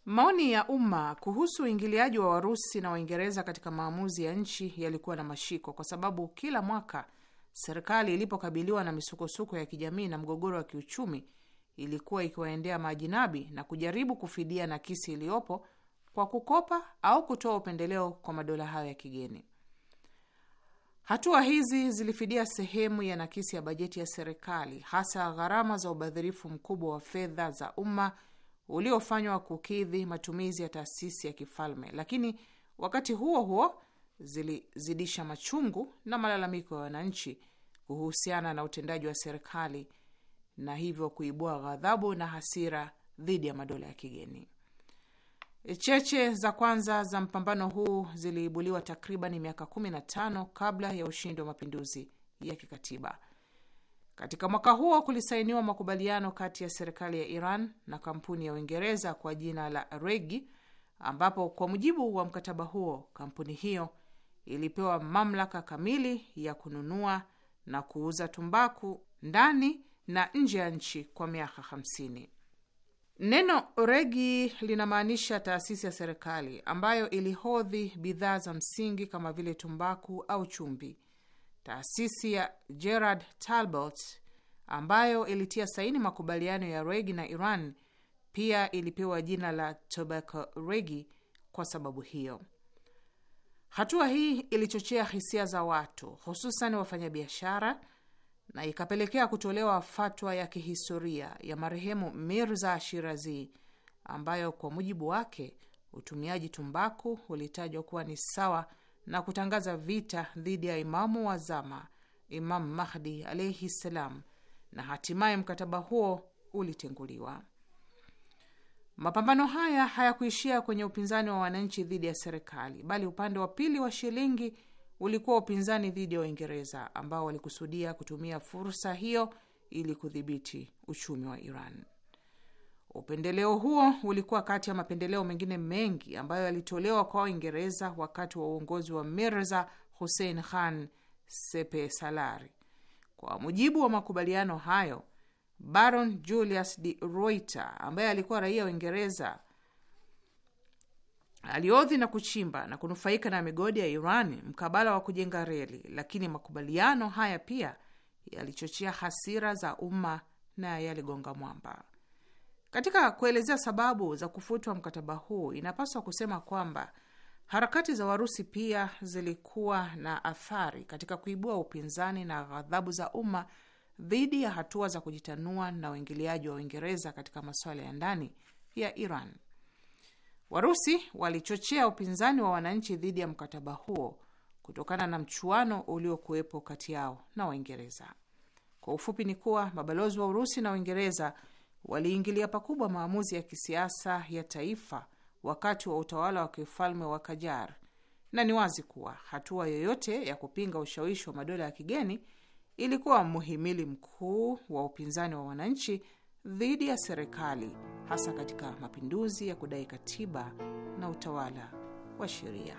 Maoni ya umma kuhusu uingiliaji wa Warusi na Waingereza katika maamuzi ya nchi yalikuwa na mashiko, kwa sababu kila mwaka serikali ilipokabiliwa na misukosuko ya kijamii na mgogoro wa kiuchumi ilikuwa ikiwaendea nabi na kujaribu kufidia nakisi iliyopo kwa kukopa au kutoa upendeleo kwa madola hayo ya kigeni. Hatua hizi zilifidia sehemu ya nakisi ya bajeti ya serikali, hasa gharama za ubadhirifu mkubwa wa fedha za umma uliofanywa kukidhi matumizi ya taasisi ya kifalme, lakini wakati huo huo zilizidisha machungu na malalamiko ya wananchi kuhusiana na utendaji wa serikali na hivyo kuibua ghadhabu na hasira dhidi ya madola ya kigeni. E, cheche za kwanza za mpambano huu ziliibuliwa takriban miaka 15 kabla ya ushindi wa mapinduzi ya kikatiba. Katika mwaka huo kulisainiwa makubaliano kati ya serikali ya Iran na kampuni ya Uingereza kwa jina la Regi, ambapo kwa mujibu wa mkataba huo kampuni hiyo ilipewa mamlaka kamili ya kununua na kuuza tumbaku ndani na nje ya nchi kwa miaka 50. Neno regi linamaanisha taasisi ya serikali ambayo ilihodhi bidhaa za msingi kama vile tumbaku au chumvi. Taasisi ya Gerard Talbot ambayo ilitia saini makubaliano ya regi na Iran pia ilipewa jina la Tobacco Regi kwa sababu hiyo. Hatua hii ilichochea hisia za watu, hususan wafanyabiashara na ikapelekea kutolewa fatwa ya kihistoria ya marehemu Mirza Shirazi ambayo kwa mujibu wake utumiaji tumbaku ulitajwa kuwa ni sawa na kutangaza vita dhidi ya imamu wa zama Imam Mahdi alaihi ssalam, na hatimaye mkataba huo ulitenguliwa. Mapambano haya hayakuishia kwenye upinzani wa wananchi dhidi ya serikali, bali upande wa pili wa shilingi ulikuwa upinzani dhidi ya Uingereza ambao walikusudia kutumia fursa hiyo ili kudhibiti uchumi wa Iran. Upendeleo huo ulikuwa kati ya mapendeleo mengine mengi ambayo yalitolewa kwa Waingereza wakati wa uongozi wa Mirza Hussein Khan Sepesalari. Kwa mujibu wa makubaliano hayo, Baron Julius de Ruyter ambaye alikuwa raia wa Uingereza aliodhi na kuchimba na kunufaika na migodi ya Iran mkabala wa kujenga reli, lakini makubaliano haya pia yalichochea hasira za umma na yaligonga mwamba. Katika kuelezea sababu za kufutwa mkataba huu, inapaswa kusema kwamba harakati za Warusi pia zilikuwa na athari katika kuibua upinzani na ghadhabu za umma dhidi ya hatua za kujitanua na uingiliaji wa Uingereza katika masuala ya ndani ya Iran. Warusi walichochea upinzani wa wananchi dhidi ya mkataba huo kutokana na mchuano uliokuwepo kati yao na Waingereza. Kwa ufupi ni kuwa mabalozi wa Urusi na Uingereza waliingilia pakubwa maamuzi ya kisiasa ya taifa wakati wa utawala wa kifalme wa Kajar, na ni wazi kuwa hatua yoyote ya kupinga ushawishi wa madola ya kigeni ilikuwa mhimili mkuu wa upinzani wa wananchi dhidi ya serikali hasa katika mapinduzi ya kudai katiba na utawala wa sheria.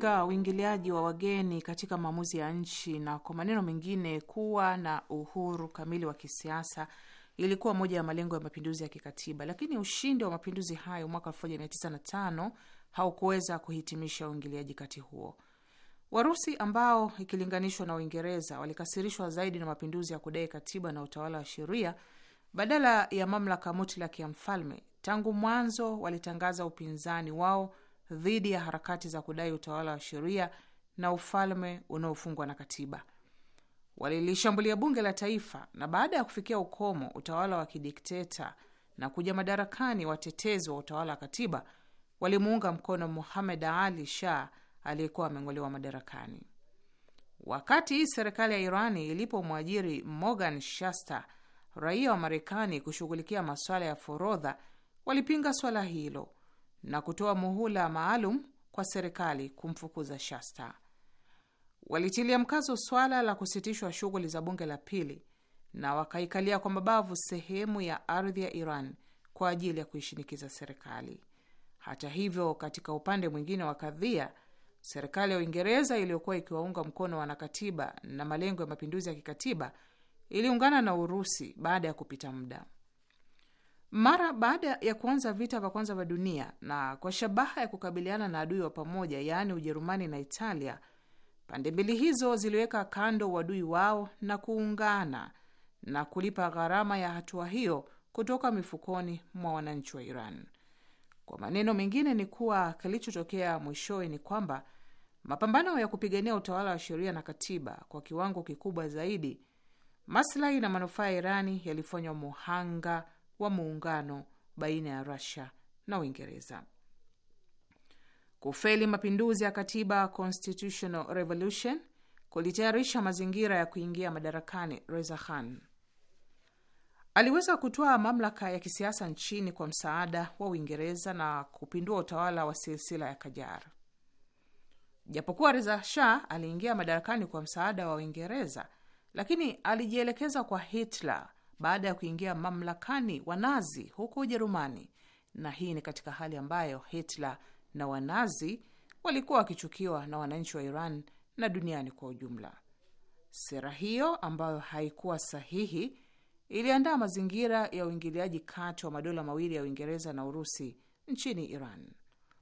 kupinga uingiliaji wa wageni katika maamuzi ya nchi na kwa maneno mengine, kuwa na uhuru kamili wa kisiasa ilikuwa moja ya malengo ya mapinduzi ya kikatiba, lakini ushindi wa mapinduzi hayo mwaka 1905 haukuweza kuhitimisha uingiliaji kati huo. Warusi ambao ikilinganishwa na Uingereza walikasirishwa zaidi na mapinduzi ya kudai katiba na utawala wa sheria badala ya mamlaka mutlaki ya mfalme. Tangu mwanzo walitangaza upinzani wao dhidi ya harakati za kudai utawala wa sheria na ufalme unaofungwa na katiba. Walilishambulia bunge la taifa, na baada ya kufikia ukomo utawala wa kidikteta na kuja madarakani watetezi wa utawala wa katiba, walimuunga mkono Muhamed Ali Shah aliyekuwa ameng'olewa madarakani. Wakati serikali ya Irani ilipomwajiri Morgan Shasta, raia wa Marekani, kushughulikia masuala ya forodha, walipinga swala hilo na kutoa muhula maalum kwa serikali kumfukuza Shasta. Walitilia mkazo swala la kusitishwa shughuli za bunge la pili na wakaikalia kwa mabavu sehemu ya ardhi ya Iran kwa ajili ya kuishinikiza serikali. Hata hivyo, katika upande mwingine wa kadhia, serikali ya Uingereza iliyokuwa ikiwaunga mkono wanakatiba na malengo ya mapinduzi ya kikatiba iliungana na Urusi baada ya kupita muda. Mara baada ya kuanza vita vya kwanza vya dunia na kwa shabaha ya kukabiliana na adui wa pamoja, yaani Ujerumani na Italia, pande mbili hizo ziliweka kando uadui wao na kuungana na kulipa gharama ya hatua hiyo kutoka mifukoni mwa wananchi wa Iran. Kwa maneno mengine, ni kuwa kilichotokea mwishowe ni kwamba mapambano ya kupigania utawala wa sheria na katiba kwa kiwango kikubwa zaidi, maslahi na manufaa ya Irani yalifanywa muhanga wa muungano baina ya Rusia na Uingereza. Kufeli mapinduzi ya katiba Constitutional Revolution kulitayarisha mazingira ya kuingia madarakani Reza Khan. Aliweza kutoa mamlaka ya kisiasa nchini kwa msaada wa Uingereza na kupindua utawala wa silsila ya Kajar. Japokuwa Reza Shah aliingia madarakani kwa msaada wa Uingereza, lakini alijielekeza kwa Hitler baada ya kuingia mamlakani Wanazi huko Ujerumani, na hii ni katika hali ambayo Hitler na Wanazi walikuwa wakichukiwa na wananchi wa Iran na duniani kwa ujumla. Sera hiyo ambayo haikuwa sahihi iliandaa mazingira ya uingiliaji kati wa madola mawili ya Uingereza na Urusi nchini Iran.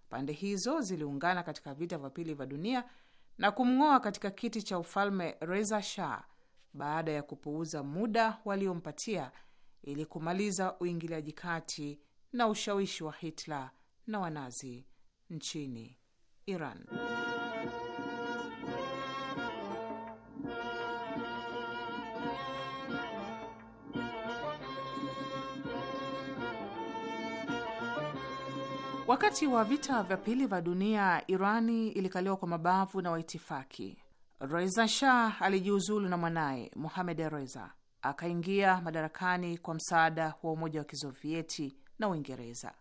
Pande hizo ziliungana katika vita vya pili vya dunia na kumng'oa katika kiti cha ufalme Reza Shah baada ya kupuuza muda waliompatia ili kumaliza uingiliaji kati na ushawishi wa Hitler na Wanazi nchini Iran. Wakati wa vita vya pili vya dunia, Irani ilikaliwa kwa mabavu na waitifaki Reza Shah alijiuzulu na mwanaye Mohamed Reza akaingia madarakani kwa msaada wa Umoja wa Kisovieti na Uingereza.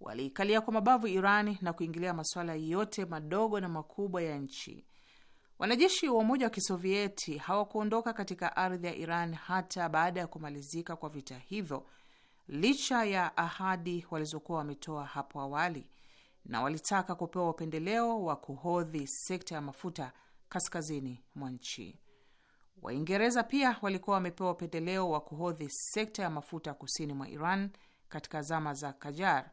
Waliikalia kwa mabavu Irani na kuingilia masuala yote madogo na makubwa ya nchi. Wanajeshi wa Umoja wa Kisovieti hawakuondoka katika ardhi ya Iran hata baada ya kumalizika kwa vita hivyo, licha ya ahadi walizokuwa wametoa hapo awali, na walitaka kupewa upendeleo wa kuhodhi sekta ya mafuta kaskazini mwa nchi. Waingereza pia walikuwa wamepewa upendeleo wa kuhodhi sekta ya mafuta kusini mwa Iran katika zama za Kajar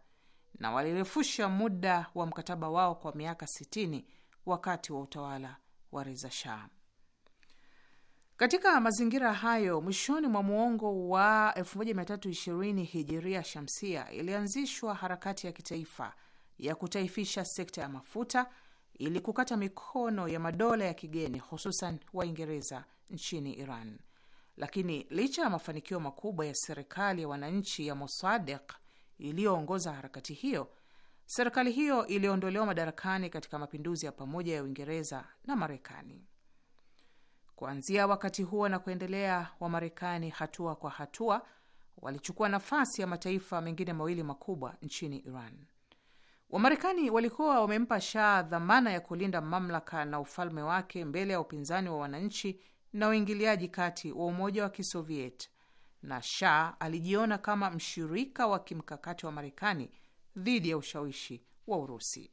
na walirefusha muda wa mkataba wao kwa miaka 60 wakati wa utawala wa Reza Shah. Katika mazingira hayo, mwishoni mwa muongo wa 1320 hijiria shamsia, ilianzishwa harakati ya kitaifa ya kutaifisha sekta ya mafuta ili kukata mikono ya madola ya kigeni hususan Waingereza nchini Iran. Lakini licha ya mafanikio makubwa ya serikali ya wananchi ya Mosadeq iliyoongoza harakati hiyo, serikali hiyo iliondolewa madarakani katika mapinduzi ya pamoja ya Uingereza na Marekani. Kuanzia wakati huo na kuendelea, Wamarekani hatua kwa hatua walichukua nafasi ya mataifa mengine mawili makubwa nchini Iran. Wamarekani walikuwa wamempa Shah dhamana ya kulinda mamlaka na ufalme wake mbele ya upinzani wa wananchi na uingiliaji kati wa Umoja wa Kisoviet, na Shah alijiona kama mshirika wa kimkakati wa Marekani dhidi ya ushawishi wa Urusi.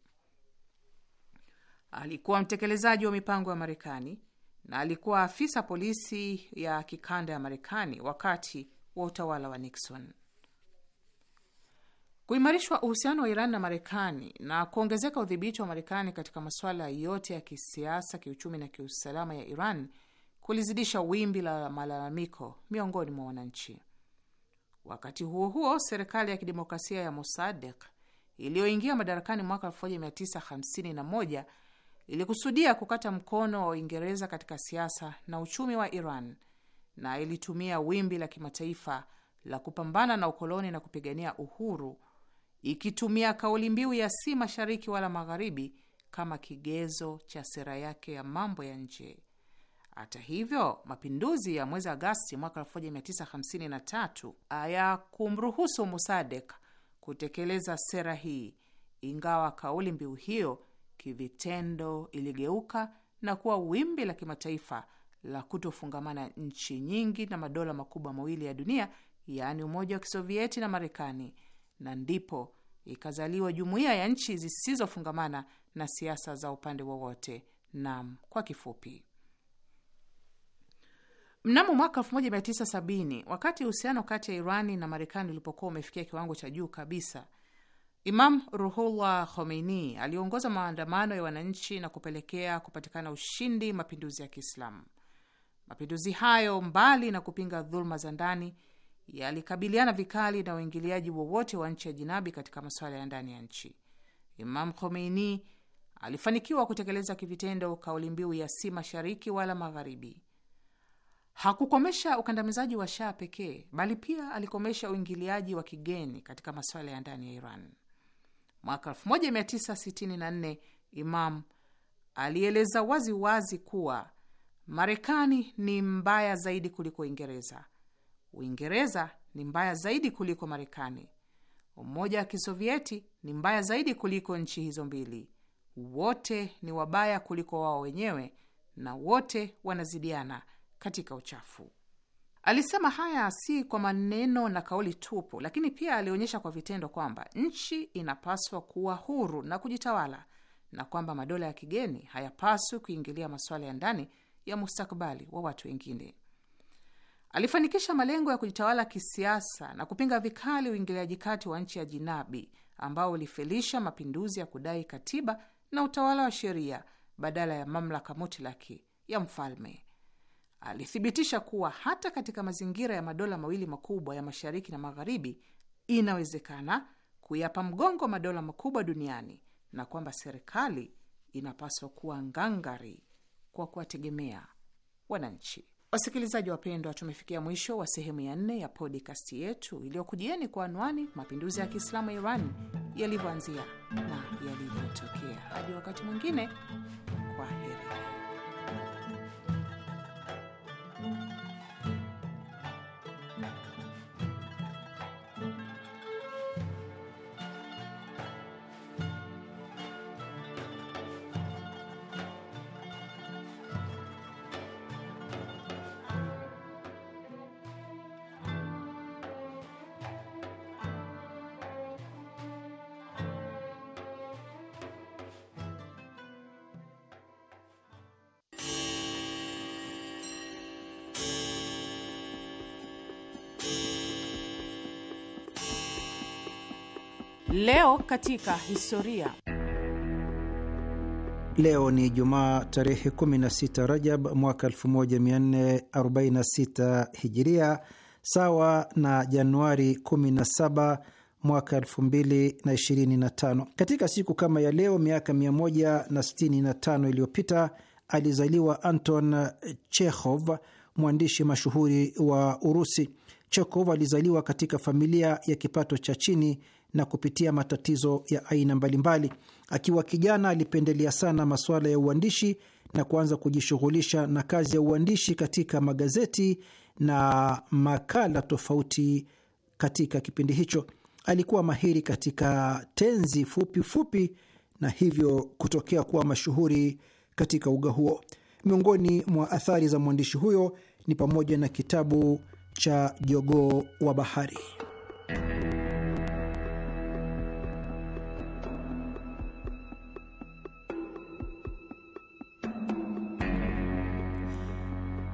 Alikuwa mtekelezaji wa mipango ya Marekani na alikuwa afisa polisi ya kikanda ya Marekani wakati wa utawala wa Nixon. Kuimarishwa uhusiano wa Iran na Marekani na kuongezeka udhibiti wa Marekani katika masuala yote ya kisiasa, kiuchumi na kiusalama ya Iran kulizidisha wimbi la malalamiko miongoni mwa wananchi. Wakati huo huo, serikali ya kidemokrasia ya Mosadek iliyoingia madarakani mwaka 1951 ilikusudia kukata mkono wa Uingereza katika siasa na uchumi wa Iran na ilitumia wimbi la kimataifa la kupambana na ukoloni na kupigania uhuru ikitumia kauli mbiu ya si mashariki wala magharibi kama kigezo cha sera yake ya mambo ya nje. Hata hivyo, mapinduzi ya mwezi Agasti mwaka 1953 kumruhusu Musadek kutekeleza sera hii, ingawa kauli mbiu hiyo kivitendo iligeuka na kuwa wimbi la kimataifa la kutofungamana nchi nyingi na madola makubwa mawili ya dunia, yaani Umoja wa Kisovieti na Marekani na ndipo ikazaliwa jumuiya ya nchi zisizofungamana na siasa za upande wowote, NAM kwa kifupi. Mnamo mwaka 1970 wakati uhusiano kati ya Irani na Marekani ulipokuwa umefikia kiwango cha juu kabisa, Imam Ruhullah Khomeini aliongoza maandamano ya wananchi na kupelekea kupatikana ushindi mapinduzi ya Kiislamu. Mapinduzi hayo, mbali na kupinga dhuluma za ndani yalikabiliana vikali na uingiliaji wowote wa nchi ya jinabi katika masuala ya ndani ya nchi. Imam Khomeini alifanikiwa kutekeleza kivitendo kauli mbiu ya si mashariki wala magharibi. Hakukomesha ukandamizaji wa Shah pekee, bali pia alikomesha uingiliaji wa kigeni katika masuala ya ndani ya Iran. Mwaka 1964 Imam alieleza wazi wazi kuwa Marekani ni mbaya zaidi kuliko Uingereza Uingereza ni mbaya zaidi kuliko Marekani. Umoja wa Kisovieti ni mbaya zaidi kuliko nchi hizo mbili. Wote ni wabaya kuliko wao wenyewe na wote wanazidiana katika uchafu. Alisema haya si kwa maneno na kauli tupu, lakini pia alionyesha kwa vitendo kwamba nchi inapaswa kuwa huru na kujitawala na kwamba madola ya kigeni hayapaswi kuingilia masuala ya ndani ya mustakabali wa watu wengine. Alifanikisha malengo ya kujitawala kisiasa na kupinga vikali uingiliaji kati wa nchi ya jinabi ambao ulifelisha mapinduzi ya kudai katiba na utawala wa sheria badala ya mamlaka mutlaki ya mfalme. Alithibitisha kuwa hata katika mazingira ya madola mawili makubwa ya mashariki na magharibi inawezekana kuyapa mgongo madola makubwa duniani na kwamba serikali inapaswa kuwa ngangari kwa kuwategemea wananchi. Wasikilizaji wapendwa, tumefikia mwisho wa sehemu ya nne ya podikasti yetu iliyokujieni kwa anwani mapinduzi ya Kiislamu Iran yalivyoanzia na yalivyotokea. Hadi wakati mwingine, kwa heri. Leo katika historia. Leo ni Jumaa tarehe 16 Rajab mwaka 1446 Hijiria, sawa na Januari 17 mwaka 2025. Katika siku kama ya leo miaka 165 iliyopita alizaliwa Anton Chekhov, mwandishi mashuhuri wa Urusi. Chekhov alizaliwa katika familia ya kipato cha chini na kupitia matatizo ya aina mbalimbali. Akiwa kijana, alipendelea sana masuala ya uandishi na kuanza kujishughulisha na kazi ya uandishi katika magazeti na makala tofauti. Katika kipindi hicho alikuwa mahiri katika tenzi fupi fupi na hivyo kutokea kuwa mashuhuri katika uga huo. Miongoni mwa athari za mwandishi huyo ni pamoja na kitabu cha Jogoo wa Bahari.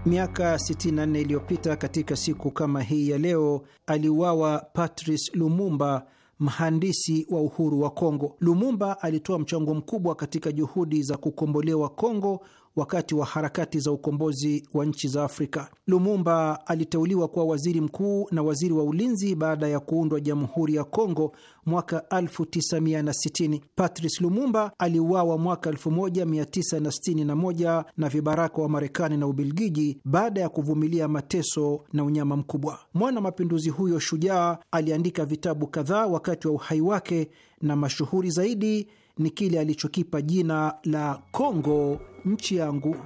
Miaka 64 iliyopita katika siku kama hii ya leo aliuawa Patrice Lumumba, mhandisi wa uhuru wa Kongo. Lumumba alitoa mchango mkubwa katika juhudi za kukombolewa Kongo wakati wa harakati za ukombozi wa nchi za Afrika. Lumumba aliteuliwa kuwa waziri mkuu na waziri wa ulinzi baada ya kuundwa Jamhuri ya Kongo mwaka 1960. Patrice Lumumba aliuawa mwaka 1961 na, na vibaraka wa Marekani na Ubelgiji baada ya kuvumilia mateso na unyama mkubwa. Mwana mapinduzi huyo shujaa aliandika vitabu kadhaa wakati wa uhai wake na mashuhuri zaidi ni kile alichokipa jina la Kongo nchi yangu.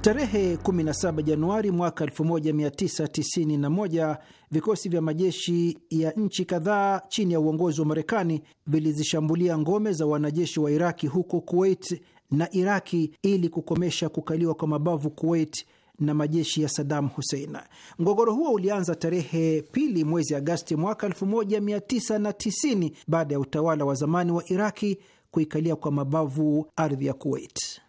Tarehe 17 Januari mwaka 1991 vikosi vya majeshi ya nchi kadhaa chini ya uongozi wa Marekani vilizishambulia ngome za wanajeshi wa Iraki huko Kuwait na Iraki ili kukomesha kukaliwa kwa mabavu Kuwait na majeshi ya Sadam Hussein. Mgogoro huo ulianza tarehe pili mwezi Agasti mwaka 1990 baada ya utawala wa zamani wa Iraki kuikalia kwa mabavu ardhi ya Kuwait.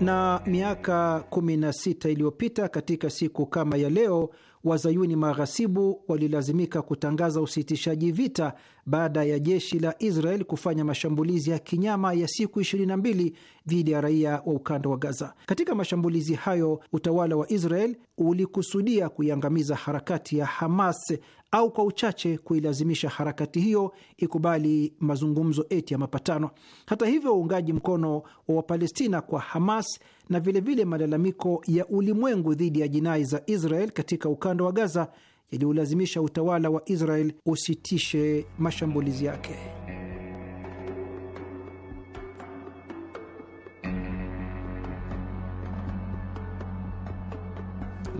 Na miaka 16 iliyopita katika siku kama ya leo Wazayuni maghasibu walilazimika kutangaza usitishaji vita baada ya jeshi la Israel kufanya mashambulizi ya kinyama ya siku 22 dhidi ya raia wa ukanda wa Gaza. Katika mashambulizi hayo, utawala wa Israel ulikusudia kuiangamiza harakati ya Hamas au kwa uchache kuilazimisha harakati hiyo ikubali mazungumzo eti ya mapatano. Hata hivyo, uungaji mkono wa Wapalestina kwa Hamas na vilevile vile malalamiko ya ulimwengu dhidi ya jinai za Israel katika ukanda wa Gaza yaliulazimisha utawala wa Israel usitishe mashambulizi yake.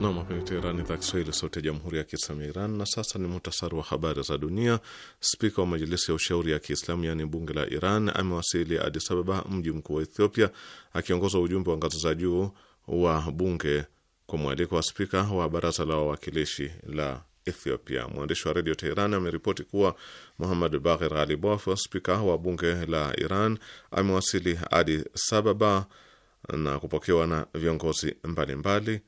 Nam apeni Teherani, idhaa Kiswahili, sauti ya jamhuri ya kiislamu ya Iran. Na sasa ni muhtasari wa habari za dunia. Spika wa majilisi ya ushauri ya Kiislamu, yaani bunge la Iran, amewasili Adis Ababa, mji mkuu wa Ethiopia, akiongoza ujumbe wa ngazi za juu wa bunge kwa mwaliko wa spika wa baraza la wawakilishi la Ethiopia. Mwandishi wa redio Teheran ameripoti kuwa Muhammad Baghir Alibof, spika wa bunge la Iran, amewasili Adis Ababa na kupokewa na viongozi mbalimbali mbali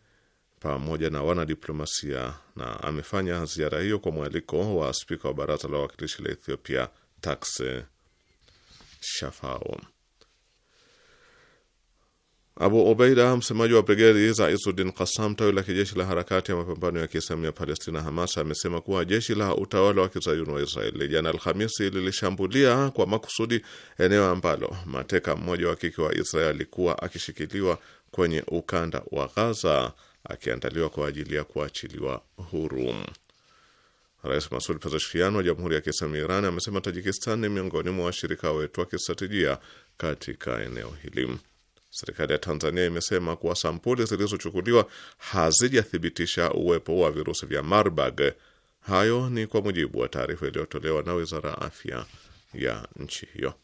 pamoja na wanadiplomasia na amefanya ziara hiyo kwa mwaliko wa spika wa baraza la wawakilishi la Ethiopia Takse Shafao. Abu Obeida, msemaji wa brigedi za Isuddin Kasam, tawi la kijeshi la harakati ya mapambano ya kiislamu ya Palestina, Hamas, amesema kuwa jeshi la utawala wa kizayuni wa Israeli jana Alhamisi lilishambulia kwa makusudi eneo ambalo mateka mmoja wa kike wa Israeli alikuwa akishikiliwa kwenye ukanda wa Ghaza akiandaliwa kwa ajili ya kuachiliwa huru. Rais Masud Pezeshkian wa Jamhuri ya Kiislamu Iran amesema Tajikistan ni miongoni mwa washirika wetu wa kistratejia katika eneo hili. Serikali ya Tanzania imesema kuwa sampuli zilizochukuliwa hazijathibitisha uwepo wa virusi vya Marburg. Hayo ni kwa mujibu wa taarifa iliyotolewa na wizara ya afya ya nchi hiyo.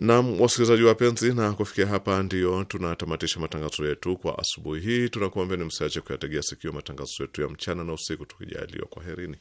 Naam, wasikilizaji wapenzi, na kufikia hapa ndiyo tunatamatisha matangazo yetu kwa asubuhi hii. Tunakuambia ni msiache kuyategea sikio matangazo yetu ya mchana na usiku tukijaliwa. Kwaherini.